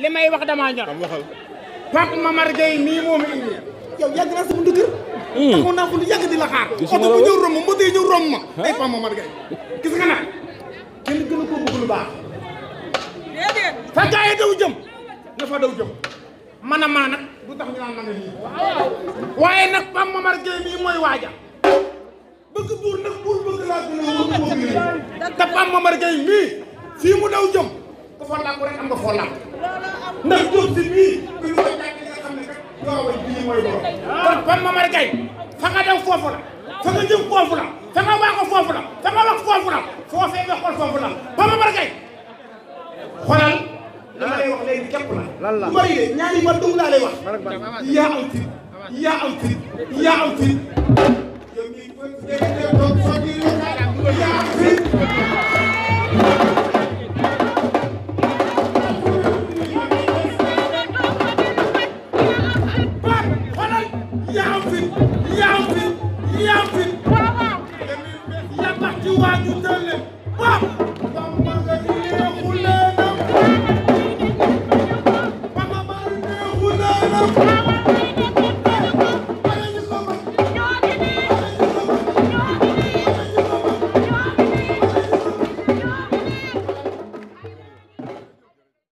li may wax damaa ñor. Pape Mamar Gueye mii moom indi. yow yàgg naa sama dëkkër. Hmm. taxaw naa ko lu di la xaar. bu ñëw romb mbëtt yi ñëw romb ma. ay Pape Mamar Gueye gis nga nag kenn gën a baax. fa gaa yi daw jëm. nga daw jëm. man a maa nag du tax ñu naan man a lii. waaye nag Pape Mamar mii mooy waaja. bëgg buur nag buur bëgg laa gën a wóor. te Pape Mamar Gueye mii fii daw jëm. follaaku rek am nga follaaku ndax Diop si nii ku ñu koy jàkkee nga xam ne kat Tiwaawan bii mooy borom kon Pape Mamar Gaye fa nga daw foofu la fa nga jëm foofu la fa nga waaxu foofu la fa nga wax foofu la foofee nga xool foofu la Pape Mamar Gaye xoolal li ma lay wax léegi képp la bu bëri de ñaari ma dum laa lay wax yaa am fit yaa am fit yaa am fit yow mii Thank you.